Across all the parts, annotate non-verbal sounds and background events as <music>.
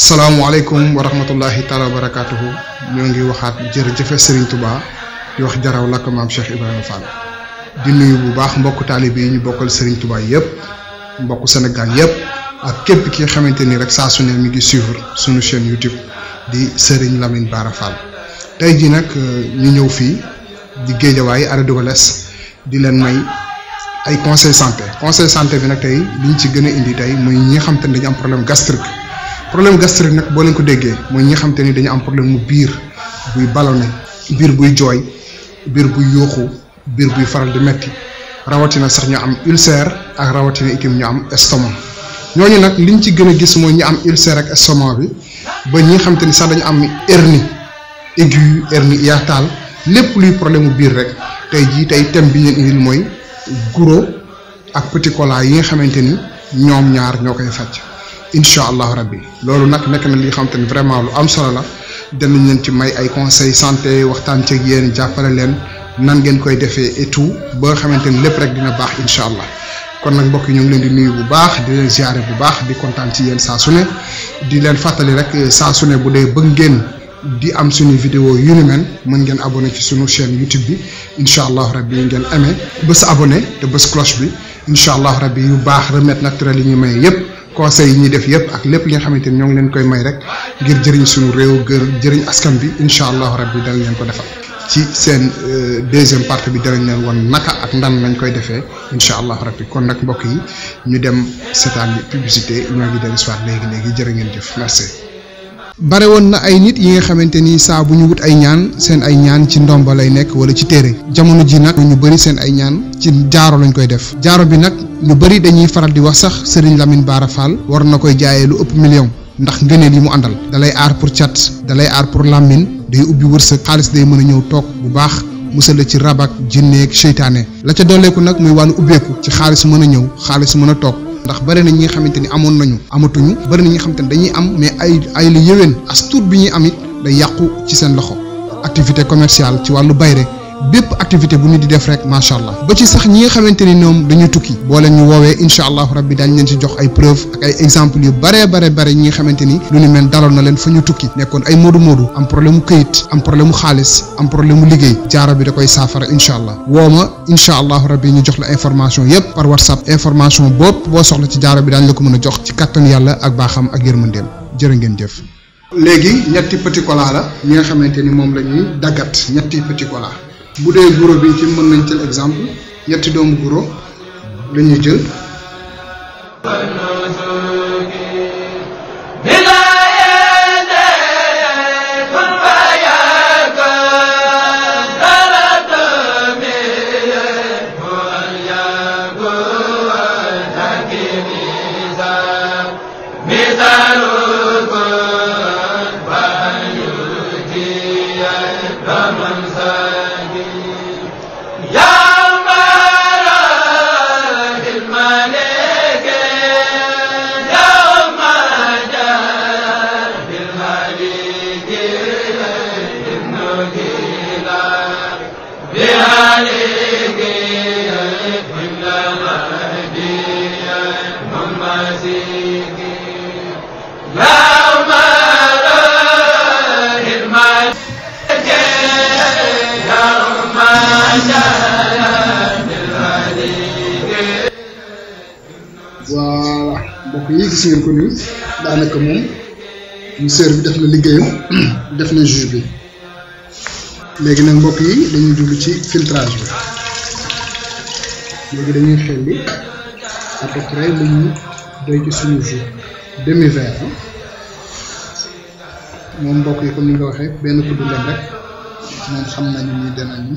Assalamualaikum warahmatullahi rahmatullahi taala wa barakatuhu ñoo ngi jeur jeffe Serigne Touba di wax jaraw lakk mam Cheikh Ibrahima Fall di nuyu bu baax mbokk taalibe yi ñu bokkal Serigne Touba yépp mbokk Sénégal yépp ak képp ki xamanteni rek sa mi ngi suivre sunu chaîne YouTube di Serigne Lamine Bara Fall tay ji nak euh, ñu ñëw fi di géejawaay ara dogales di len may ay conseil santé conseil santé bi nak tay liñ ci gëna indi tay muy ñi xamanteni am problème gastrique problème gastrique nag boo leen ko déggee mooy ñi nga ni dañu am problème mu biir buy ballonné biir buy jooy biir buy yooxu biir buy faral di metti rawatina sax ñu am ulcère ak rawatina itam ñu am estomac ñooñu nag liñ ci gën a gis mooy ñi am ulcère ak estomac bi ba ñi nga xam ni sax dañu am hernie aiguë hernie taal lépp luy problème mu biir rek tey jii tey tem bi ñu indil mooy guro ak petit cola yi nga xamante ni ñoom ñaar ñoo koy faj. incha allahu rabbi loolu nag nekk na li nga xam te ne vraiment lu am solo la danañ leen ci may ay conseil santé waxtaan ceeg yéen jàppale leen nan ngeen koy defee et tout ba nga xamante ni lépp rek dina baax incha allah kon nag mbokk yi ñu ngi leen di nuyu bu baax di leen ziare bu baax di kontaan ci yéen saa su ne di leen fàttali rek saa su ne bu dee bëgg ngeen. di am suñu vidéo yu ni mel mën ngeen abonné ci suñu chaîne YouTube bi incha allahu rabbi yi ngeen amee bés abonné te bés cloche bi incha allahu rabbi yu baax remède naturel yi ñu may yépp conseil yi ñuy def yépp ak lépp li nga xamante ni ñoo ngi leen koy may rek ngir jëriñ suñu réew gër jëriñ askan bi incha allahu rabbi danañ leen ko defal ci seen euh, deuxième partie bi danañ leen won naka ak ndan lañ koy defee incha allahu rabbi kon nag mbokk yi ñu dem seetaan publicité ñoo ngi dellu si waat léegi léegi jërë ngeen jëf merci bare woon na ay nit yi nga xamante ni saa bu ñu wut ay ñaan seen ay ñaan ci ndomba lay nekk wala ci téere jamono ji nag ñu bëri seen ay ñaan ci jaaro lañ koy def jaaro bi nag ñu bëri dañuy faral di wax sax Serigne Lamine Bara Fall war na koy jaayee lu ëpp million ndax ngëneel yi mu àndal dalay aar pour cat dalay aar pour làmmin day ubbi wërsëg xaalis day mën a ñëw toog bu baax musal la ci rabak jinneeg seytaane la ca dooleeku nag muy wàllu ubbeeku ci xaalis mën a ñëw xaalis mën a toog ndax bari na ñi nga xamante ni amoon nañu amatuñu bëri na ñi xamante ni dañuy am mais ay ay la yéwén as bi ñuy am it day yàqu ci seen loxo activité commerciale ci wàllu bayre bépp activité bu nit di def rek macha allah ba ci sax ñi nga xamante ni ñoom dañu tukki bo leen ñu wowe incha allahu rabbi dañ leen ci jox ay preuve ak ay exemple yu bare bare bare ñi nga lu ñu mel daloon na leen fa ñu tukki nekkon ay am problème mu am problème mu am problème mu jaara bi da koy safara incha allah woo rabbi ñu jox la information yépp par whatsapp information bop bo soxla ci jaara bi lu la ko mëna jox ci carton yalla ak baxam ak yermandem jërë ngeen jëf léegi ñetti petit cola la ñi nga xamanteni ni lañuy dagat ñetti petit cola bu dee guro bi ci mën nañ jël exemple ñetti doomu guro la ñuy jël voilà mbokk yi gis ngeen ko ni daanaka moom monsieur bi def na liggéeyam <clears throat> def na juge bi léegi nag mbokk yi dañuy jublu ci filtrage bi léegi dañuy xelli à peu près lu ñu doy ci suñu jus demi verre moom mbokk yi comme ni nga waxee benn kudd lem rek moom xam nañu ni danañu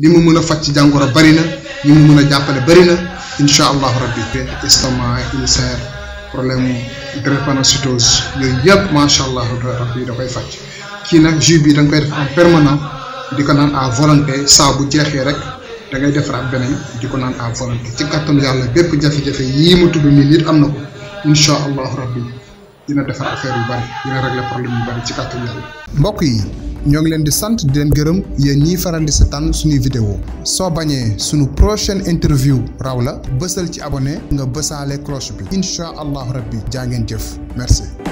li mu mën a faj ci jàngoro bari na li mu mën a jàppale bari na incha allahu rabbi te estomac ulcère problème drépanocytose yooyu yëpp macha allah rabbi da koy faj kii nag jus bi da nga koy def en permanent di ko naan à volonté saa bu jeexee rek da ngay defaraat beneen di ko naan à volonté ci kàttan yàlla bépp jafe-jafe yii mu tudd nii nit am na ko incha allahu rabbi dina defar affaire yu bari dina régler problème yu ci kàttan mbokk yi ñoo ngi leen di sant di leen gërëm yéen ñiy faral di sa tànn suñuy vidéo soo bañee suñu prochaine interview raw la bësal ci abone nga bësaale cloche bi incha allahu rabbi jaa ngeen jëf merci.